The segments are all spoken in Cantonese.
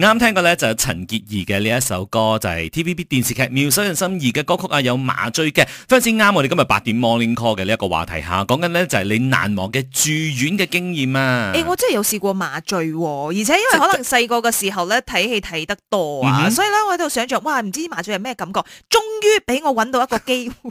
啱聽過咧，就係陳潔儀嘅呢一首歌，就係、是、T.V.B. 電視劇《妙手仁心二》嘅歌曲啊，有麻醉嘅。非常之啱，我哋今日八點 Morning Call 嘅呢一個話題下，講緊呢，就係你難忘嘅住院嘅經驗啊。誒、欸，我真係有試過麻醉、啊，而且因為可能細個嘅時候咧睇戲睇得多啊，嗯、哼所以咧我喺度想像，哇，唔知道麻醉係咩感覺。終於俾我揾到一個機會，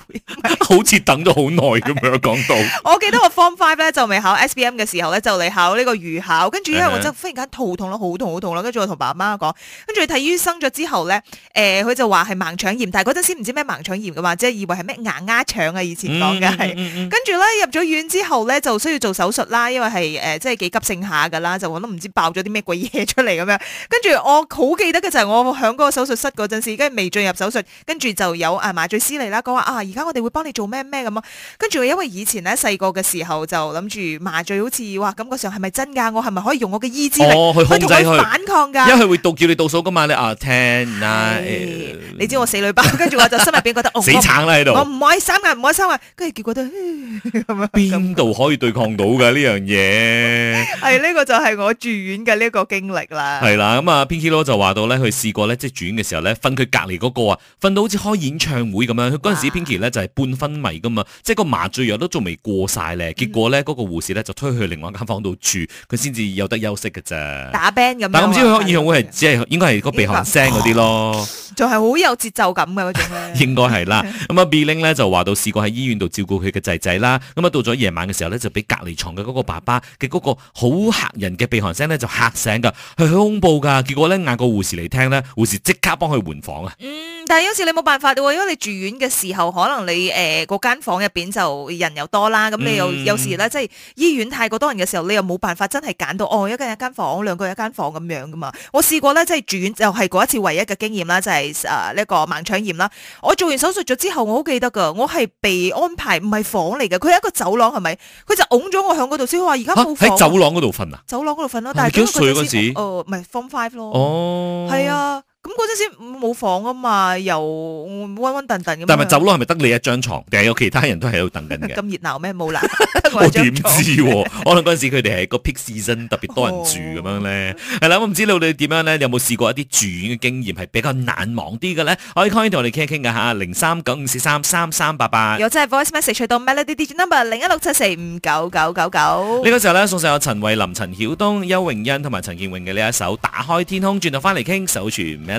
好似等咗好耐咁樣講 到。我記得我 Form Five 咧就未考 S.B.M. 嘅時候咧，就嚟考呢個預考，跟住因為我就忽然間肚痛啦，好痛好痛啦，跟住我同爸爸。媽講，跟住睇醫生咗之後咧，誒、呃，佢就話係盲腸炎，但係嗰陣時唔知咩盲腸炎嘅嘛，即係以為係咩牙丫腸啊，以前講嘅係。跟住咧入咗院之後咧，就需要做手術啦，因為係誒、呃，即係幾急性下噶啦，就我都唔知爆咗啲咩鬼嘢出嚟咁樣。跟住我好記得嘅就係我響嗰個手術室嗰陣時，跟住未進入手術，跟住就有誒麻醉師嚟啦，講話啊，而家我哋會幫你做咩咩咁樣。跟住因為以前咧細個嘅時候就諗住麻醉好似哇，感覺上係咪真噶？我係咪可以用我嘅意志力去同佢反抗噶？會讀叫你倒數噶嘛？你啊，ten nine。你知我死女包，跟住我就心入邊覺得，死撐啦喺度，我唔開心啊，唔開心啊，跟住結果都，邊度可以對抗到㗎呢樣嘢？係呢個就係我住院嘅呢個經歷啦。係啦，咁啊，Pinky 咯就話到咧，佢試過咧，即係住院嘅時候咧，分佢隔離嗰個啊，瞓到好似開演唱會咁樣。佢嗰陣時 Pinky 咧就係半昏迷㗎嘛，即係個麻醉藥都仲未過晒咧。結果咧，嗰個護士咧就推去另外一間房度住，佢先至有得休息㗎咋。打 band 咁。但係唔知佢開演唱會係只係應該係個鼻鼾聲嗰啲咯。就係好有有節奏感嘅嗰種咧，應該係啦。咁啊，Bling 咧就話到試過喺醫院度照顧佢嘅仔仔啦。咁啊，到咗夜晚嘅時候咧，就俾隔離床嘅嗰個爸爸嘅嗰個好吓人嘅鼻鼾聲咧，就嚇醒噶係好恐怖噶。結果咧，嗌個護士嚟聽咧，護士即刻幫佢換房啊。嗯但係有時你冇辦法，因為你住院嘅時候，可能你誒嗰間房入邊就人又多啦，咁你又有，嗯、有時咧，即係醫院太過多人嘅時候，你又冇辦法真係揀到哦一間一間房，兩個一間房咁樣噶嘛。我試過咧，即係住院就係嗰一次唯一嘅經驗啦，就係誒呢個盲腸炎啦。我做完手術咗之後，我好記得噶，我係被安排唔係房嚟嘅，佢係一個走廊係咪？佢就拱咗我喺嗰度先，話而家冇。喺走廊嗰度瞓啊！走廊嗰度瞓咯，但係幾歲嗰時？哦，唔係 form five 咯。哦，係啊。咁嗰陣時冇房啊嘛，又鬱鬱頓頓咁。但係走廊係咪得你一張牀定係有其他人都係喺度等緊嘅？咁熱鬧咩？冇啦。我點知喎？可能嗰陣時佢哋係個 peak season 特別多人住咁樣咧。係啦，我唔知道你點樣咧，有冇試過一啲住院嘅經驗係比較難忘啲嘅咧？可以同我哋傾傾㗎嚇，零三九五四三三三八八。又即係 voice message 到 melody digital number 零一六七四五九九九九。呢個時候咧，送上陳慧琳、陳曉東、邱穎欣同埋陳建榮嘅呢一首《打開天空》，轉頭翻嚟傾，守住咩？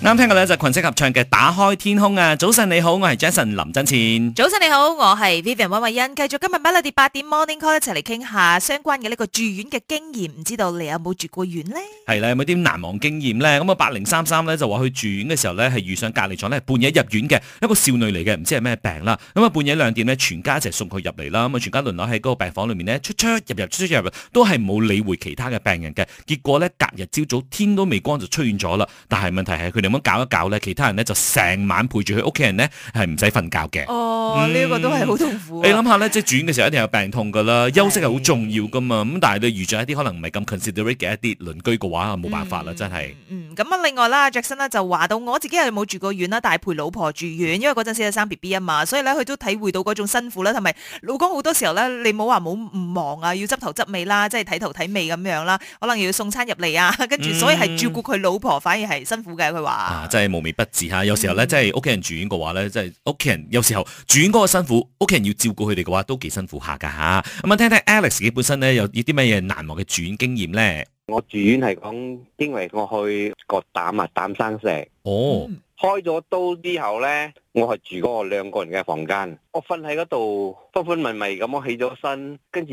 啱聽過呢就集、是、群星合唱嘅《打開天空》啊！早晨你好，我係 Jason 林振錢。早晨你好，我係 Vivian 溫慧欣。繼續今日 Monday 八點 Morning Call 一齊嚟傾下相關嘅呢個住院嘅經驗，唔知道你有冇住過院呢？係啦，有冇啲難忘經驗呢？咁、嗯、啊，八零三三咧就話佢住院嘅時候呢，係遇上隔籬床呢半夜入院嘅一個少女嚟嘅，唔知係咩病啦。咁、嗯、啊半夜兩點呢，全家一齊送佢入嚟啦。咁啊全家輪流喺嗰個病房裏面咧出入入出入入出出入入，都係冇理會其他嘅病人嘅。結果呢，隔日朝早天都未光就出院咗啦。但係問題係佢哋。咁搞一搞咧，其他人咧就成晚陪住佢屋企人咧，係唔使瞓覺嘅。哦，呢、嗯、個都係好痛苦、啊。你諗下咧，即係住院嘅時候一定有病痛噶啦，是休息係好重要噶嘛。咁但係你遇著一啲可能唔係咁 considerate 嘅一啲鄰居嘅話，冇辦法啦，嗯、真係的、嗯。嗯，咁啊，另外啦，Jackson 就話到，我自己係冇住過院啦，但係陪老婆住院，因為嗰陣時係生 B B 啊嘛，所以咧佢都體會到嗰種辛苦啦。同埋老公好多時候咧，你冇話冇唔忙啊，要執頭執尾啦，即係睇頭睇尾咁樣啦，可能又要送餐入嚟啊，跟住所以係照顧佢老婆反而係辛苦嘅，佢話、嗯。啊！真係無微不至吓，嗯、有時候咧，即係屋企人住院嘅話咧，即係屋企人有時候住院嗰個辛苦，屋企人要照顧佢哋嘅話都幾辛苦下噶吓。咁啊，聽聽 Alex 自己本身咧，有啲咩嘢難忘嘅住院經驗咧？我住院係講，因為我去割膽啊，膽生石。哦，嗯、開咗刀之後咧，我係住嗰個兩個人嘅房間，我瞓喺嗰度，昏昏迷迷咁樣起咗身，跟住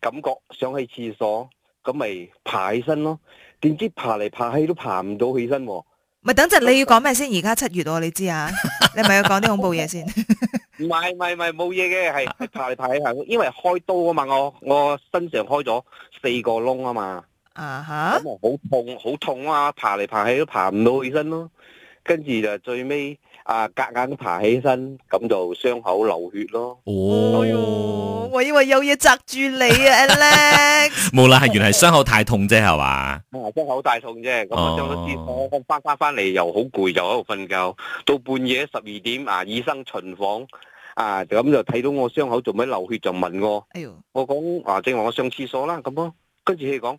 感覺想去廁所，咁咪爬起身咯。點知爬嚟爬去都爬唔到起身喎。唔係等陣，你要講咩先？而家七月，你知啊？ 你咪要講啲恐怖嘢先？唔係唔係唔係，冇嘢嘅。係爬嚟爬去，因為開刀啊嘛，我我身上開咗四個窿啊嘛，啊哈，咁我好痛好痛啊，爬嚟爬，起爬去都爬唔到起身咯，跟住就最尾啊，夾硬爬起身，咁就傷口流血咯。哦，哦我以為有嘢扎住你啊，阿 l e x 冇啦。係 Alex 原係傷口太痛啫，係嘛、哦？我傷、啊、口大痛啫，咁我、uh huh. 上咗廁所，翻翻翻嚟，又好攰，又喺度瞓覺。到半夜十二點啊，醫生巡房啊，咁就睇到我傷口做咩流血，就問我。哎、uh huh. 我講啊，正話我上廁所啦，咁、啊、咯。跟住佢講，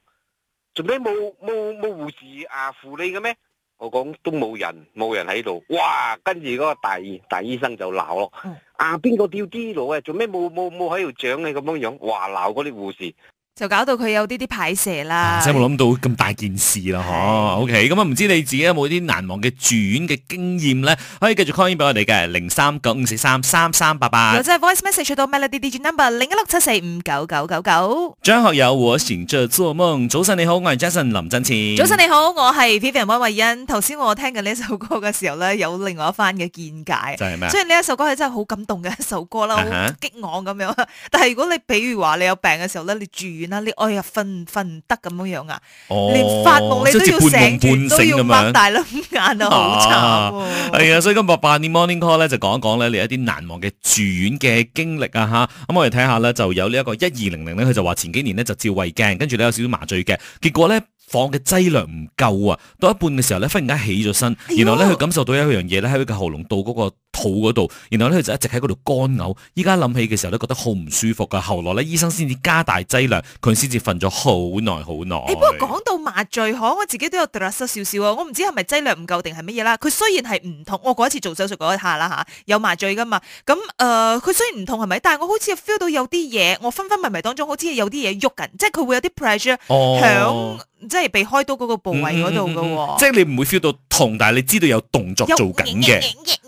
做咩冇冇冇護士啊，扶你嘅咩？我講都冇人，冇人喺度。哇！跟住嗰個大大醫生就鬧咯、uh huh. 啊。啊，邊個吊 D 佬啊？做咩冇冇冇喺度掌你咁樣樣？哇！鬧嗰啲護士。就搞到佢有啲啲排泄啦，真係冇諗到咁大件事啦嗬。OK，咁啊唔知你自己有冇啲難忘嘅住院嘅經驗咧？可以繼續 call in 俾我哋嘅零三九五四三三三八八，或者係 voice message 到 melody digit number 零一六七四五九九九九。張學友，我是陳卓舒夢，早晨你好，我係 Jason 林振前。早晨你好，我係 Vivian 溫慧欣。頭先我聽緊呢一首歌嘅時候咧，有另外一番嘅見解。就係咩？雖然呢一首歌係真係好感動嘅一首歌啦，好激昂咁樣。但係如果你比如話你有病嘅時候咧，你住院。嗱，你哎呀瞓瞓唔得咁樣樣啊！哦、你發夢你要都要、哦、半夢半醒樣，都要擘大粒眼啊，好差、啊！係啊、哎，所以今日八點 Morning Call 咧就講一講咧你一啲難忘嘅住院嘅經歷啊吓，咁、嗯、我哋睇下咧就有呢一個一二零零咧，佢就話前幾年咧就照胃鏡，跟住咧有少少麻醉嘅，結果咧，房嘅劑量唔夠啊！到一半嘅時候咧，忽然間起咗身，然後咧佢、哎、呦 感受到一樣嘢咧喺佢嘅喉嚨到嗰個肚嗰度，然後咧佢就一直喺嗰度乾嘔。依家諗起嘅時候咧，覺得好唔舒服噶、啊。後來咧，醫生先至加大劑量，佢先至瞓咗好耐好耐。不過講到麻醉，可我自己都有掉落失少少啊！我唔知係咪劑量唔夠定係乜嘢啦。佢雖然係唔痛，我嗰一次做手術嗰一下啦嚇、啊，有麻醉噶嘛。咁、嗯、誒，佢、呃、雖然唔痛係咪？但係我好似 feel 到有啲嘢，我昏昏迷迷當中好似有啲嘢喐緊，即係佢會有啲 pressure 即係被開刀嗰個部位嗰度㗎喎，哦、即係你唔會 feel 到痛，但係你知道有動作做緊嘅。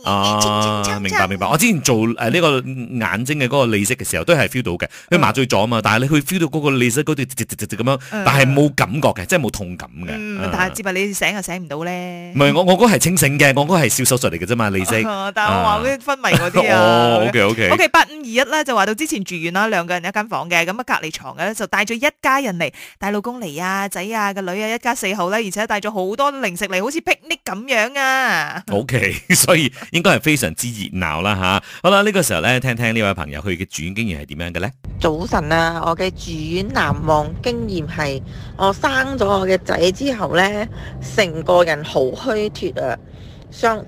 啊，明白明白。我之前做誒呢個眼睛嘅嗰個利息嘅時候，都係 feel 到嘅，佢麻醉咗啊嘛。但係你去 feel 到嗰個利息嗰度直直直直咁樣，但係冇感覺嘅，即係冇痛感嘅。但係只不過你醒又醒唔到咧。唔係我我嗰個係清醒嘅，我嗰個係小手術嚟嘅啫嘛，利息。但係我話啲昏迷嗰啲啊。O K O K O K 八五二一咧就話到之前住院啦，兩個人一間房嘅，咁啊隔離床嘅就帶咗一家人嚟，帶老公嚟啊仔啊個女啊，一家四口咧，而且帶咗好多零食嚟，好似 picnic 咁樣啊。O K，所以。應該係非常之熱鬧啦吓，好啦，呢個時候呢，聽聽呢位朋友佢嘅住院經驗係點樣嘅呢？早晨啊，我嘅住院難忘經驗係我生咗我嘅仔之後呢，成個人好虛脫啊，傷。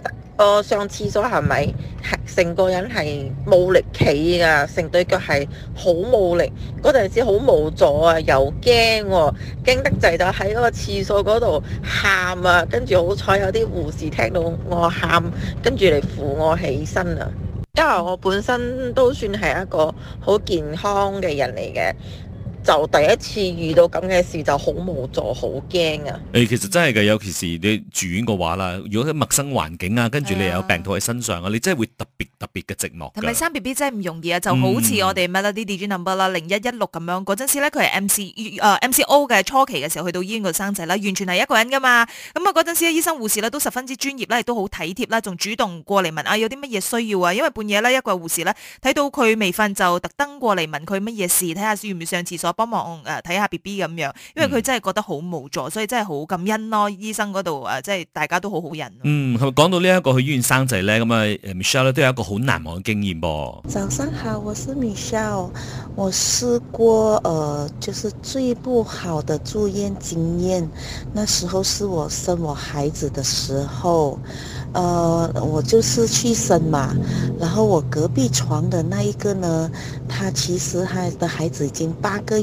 我上廁所係咪係成個人係冇力企㗎，成對腳係好冇力。嗰陣時好無助啊，又驚，驚得滯就喺嗰個廁所嗰度喊啊。跟住好彩有啲護士聽到我喊，跟住嚟扶我起身啊。因為我本身都算係一個好健康嘅人嚟嘅。就第一次遇到咁嘅事就好無助、好驚啊！誒，其實真係嘅，尤其是你住院嘅話啦，如果喺陌生環境啊，跟住你又有病痛喺身上啊，哎、呀你真係會特別特別嘅寂寞。同埋生 B B 真係唔容易啊。就好似我哋 Melody 啲 D J number 啦零一一六咁樣嗰陣時呢、呃，佢係 M C M C O 嘅初期嘅時候去到醫院度生仔啦，完全係一個人噶嘛。咁啊嗰陣時醫生護士咧都十分之專業啦，亦都好體貼啦，仲主動過嚟問啊有啲乜嘢需要啊，因為半夜咧一個護士咧睇到佢未瞓，就特登過嚟問佢乜嘢事，睇下需唔需要上廁所。幫忙誒睇下 B B 咁樣，因為佢真係覺得好無助，嗯、所以真係好感恩咯。醫生嗰度、啊、即係大家都好好人、啊。嗯，講到呢、這、一個去醫院生仔咧，咁啊 Michelle 都有一個好難忘嘅經驗噃。早上好，我是 Michelle。我試過呃就是最不好的住院經驗。那時候是我生我孩子嘅時候，呃我就是去生嘛。然後我隔壁床的那一個呢，他其實他的孩子已經八個月，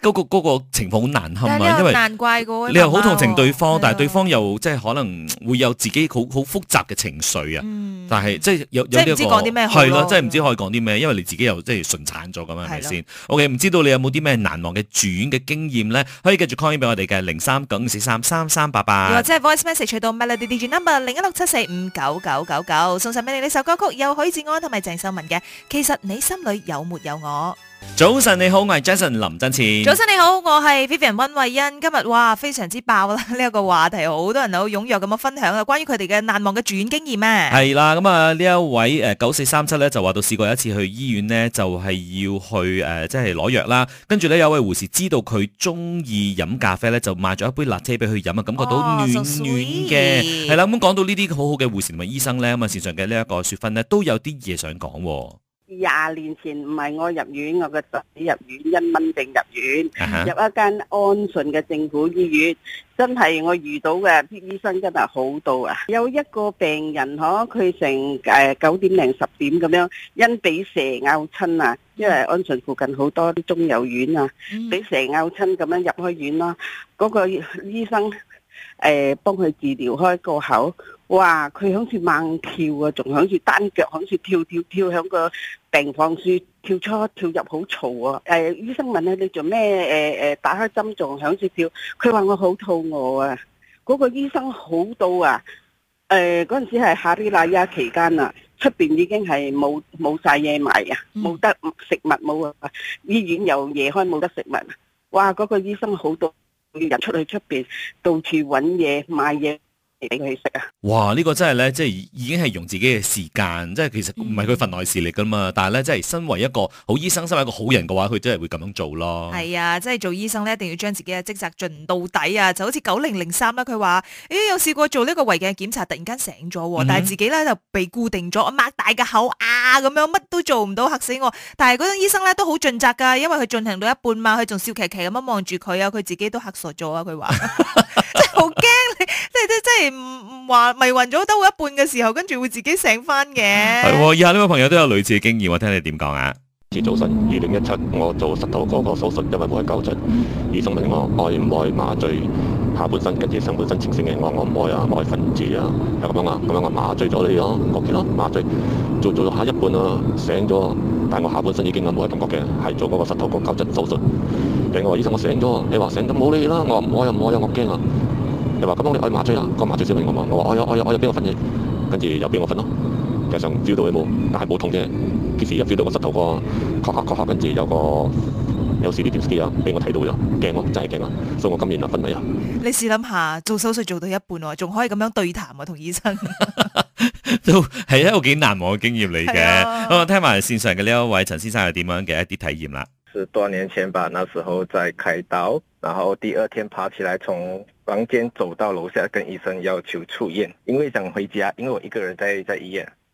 嗰、那個那個情況好難堪啊！因為你又難怪你又好同情對方，嗯、但係對方又即係可能會有自己好好複雜嘅情緒啊！嗯、但係即係有即係唔知講啲咩係咯？即係唔知，知可以講啲咩，因為你自己又即係順產咗咁樣？係咪先？OK，唔知道你有冇啲咩難忘嘅住院嘅經驗咧？可以繼續 call 俾我哋嘅零三九五四三三三八八，或者係 voice message，隨到 Melody Digi number 零一六七四五九九九九，9，送上俾你呢首歌曲，由許志安同埋鄭秀文嘅《其實你心裏有沒有我》。早晨你好，我係 Jason 林振前。早晨你好，我係 Vivian 溫慧欣。今日哇，非常之爆啦！呢、這、一個話題，好多人好踴躍咁樣分享啊，關於佢哋嘅難忘嘅住院經驗咩、啊？係啦，咁啊呢一位誒九四三七咧就話到試過一次去醫院呢，就係、是、要去誒即係攞藥啦。跟住咧有位護士知道佢中意飲咖啡咧，就買咗一杯拿鐵俾佢飲啊，感覺到暖暖嘅。係啦、哦，咁、so、講到呢啲好好嘅護士同埋醫生咧，咁啊線上嘅呢一個雪芬呢，都有啲嘢想講。廿年前唔係我入院，我個仔入院，因蚊症入院，uh huh. 入一間安順嘅政府醫院，真係我遇到嘅啲醫生真係好到啊！有一個病人嗬，佢成誒九點零十點咁樣，因俾蛇咬親啊，因為安順附近好多啲中幼院啊，俾蛇咬親咁樣入開院咯。嗰、那個醫生誒、欸、幫佢治療開個口，哇！佢好似猛跳啊，仲好似單腳好似跳跳跳響個。病房處跳出跳入好嘈啊！誒、呃，醫生問佢：你做咩、呃？打開針仲響住跳。佢話：我好肚餓啊！嗰、那個醫生好到啊！誒、呃，嗰陣時係哈里拉雅期間啊，出面已經係冇冇晒嘢賣啊，冇、嗯、得食物冇啊，醫院又夜開冇得食物。哇！嗰、那個醫生好到要人出去出面，到處揾嘢買嘢。買啊、哇，呢、呢個真係咧，即係已經係用自己嘅時間，即係其實唔係佢份內事力噶嘛。嗯、但係咧，即係身為一個好醫生，身為一個好人嘅話，佢真係會咁樣做咯。係啊，即係做醫生咧，一定要將自己嘅職責盡到底啊！就好似九零零三啦，佢話：誒，有試過做呢個胃鏡檢查，突然間醒咗、啊，嗯、但係自己咧就被固定咗，擘大個口啊，咁樣乜都做唔到，嚇死我！但係嗰種醫生咧都好盡責噶，因為佢進行到一半嘛，佢仲笑騎騎咁樣望住佢啊，佢自己都嚇傻咗啊！佢話：真係好驚。即係即係唔唔話迷暈咗兜一半嘅時候，跟住會自己醒翻嘅。係， 以下呢位朋友都有類似嘅經驗，我聽你點講啊？似早晨二零一七，2017，我做膝頭哥個手術，因為冇癌救質，醫生問我愛唔愛麻醉下半身，跟住上半身清醒嘅，我我唔愛啊，我唔分子啊，係咁樣啊，咁樣啊，麻醉咗你咯，唔覺嘅咯，麻醉做咗下一半咯，醒咗，但係我下半身已經冇乜感覺嘅，係做嗰個膝頭哥救質手術，醒我， 醫生我醒咗，你話醒就冇理啦，我唔愛唔愛啊，我驚啊。又話：今日我要麻醉啦，個麻醉師問我話：我話我有我有我有邊份嘢，跟住又俾我瞓咯。實際上 feel 到佢冇，但係冇痛啫。即使一 feel 到個膝頭哥，咔下咔下，跟住有個有 CD 電視機啊，俾我睇到咗，驚真係驚啊。所以我今年就瞓咗人。你試諗下，做手術做到一半、哦，我仲可以咁樣對談啊，同醫生都係 一個幾難忘嘅經驗嚟嘅。我、啊嗯、聽埋線上嘅呢一位陳先生係點樣嘅一啲體驗啦。是多年前吧，那時候在開刀，然後第二天爬起來從。房間走到樓下，跟醫生要求出院，因為想回家，因為我一個人在在醫院。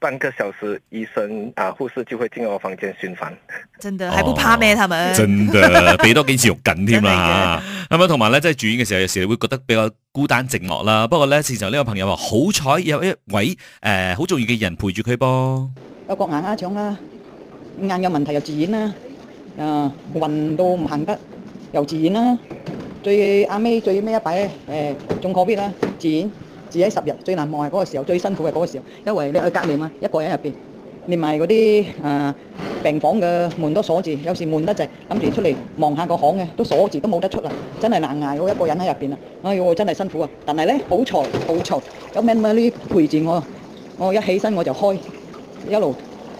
半個小時，醫生啊護士就會進入我房間巡房，真的還不怕咩？他們 真的俾多幾次肉緊添啦。咁樣，同埋咧，即係住院嘅時候，有時你會覺得比較孤單寂寞啦。不過咧，事實上呢個朋友話好彩有一位誒好、呃、重要嘅人陪住佢噃。有個眼眼搶啦，眼有問題又住院啦，啊，暈到唔行得又住院啦，最阿尾、啊、最尾一擺誒仲告別啦，住、欸、院。住喺十日，最難忘係嗰個時候，最辛苦係嗰個時候，因為你去隔離嘛，一個人入邊，連埋嗰啲誒病房嘅門都鎖住，有時悶得滯，諗住出嚟望下個行嘅，都鎖住都冇得出啦，真係難捱，我一個人喺入邊啊！哎喎，真係辛苦啊！但係咧，好彩，好彩，有 Melody 陪住我，我一起身我就開，一路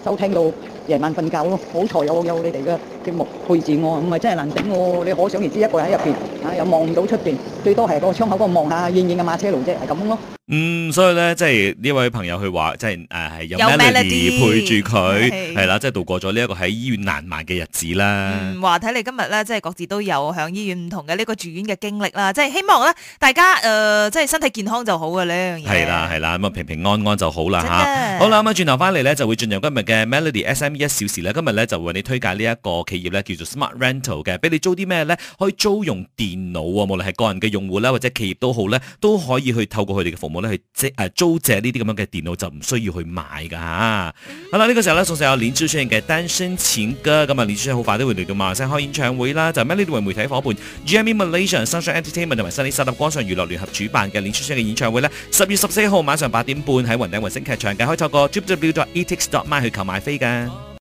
收聽到夜晚瞓覺咯，好彩有有你哋嘅。嘅幕配置我、啊，唔係真係難頂喎、啊！你可想而知，一個人喺入邊，嚇、啊、又望唔到出邊，最多係個窗口嗰個望下遠遠嘅馬車路啫，係咁咯。嗯，所以咧，即係呢位朋友去話，即係誒係有 melody 陪住佢，係啦是是、啊，即、就、係、是、度過咗呢一個喺醫院難捱嘅日子啦。嗯，話睇你今日咧，即、就、係、是、各自都有響醫院唔同嘅呢個住院嘅經歷啦，即、就、係、是、希望咧大家誒，即、呃、係、就是、身體健康就好嘅呢樣嘢。係啦、啊，係啦、啊，咁啊平平安安就好啦嚇的、啊。好啦，咁啊轉頭翻嚟咧，就會進入今日嘅 melody s m 一、e、小時咧。今日咧就會為你推介呢一個。企業咧叫做 Smart Rental 嘅，俾你租啲咩咧？可以租用電腦啊，無論係個人嘅用戶啦，或者企業都好咧，都可以去透過佢哋嘅服務咧去租,、呃、租借呢啲咁樣嘅電腦，就唔需要去買噶 好啦，呢、這個時候咧，送上有林志炫出現嘅《單身情歌》，咁啊，林志炫好快都會嚟到馬來西亞開演唱會啦。就 Melody 聯為媒體夥伴，GME Malaysia Sunshine Entertainment 同埋新力沙光上娛樂聯合主辦嘅林志炫嘅演唱會咧，十月十四號晚上八點半喺雲頂雲星劇場嘅，可以透過 www.etix.com 去購買飛㗎。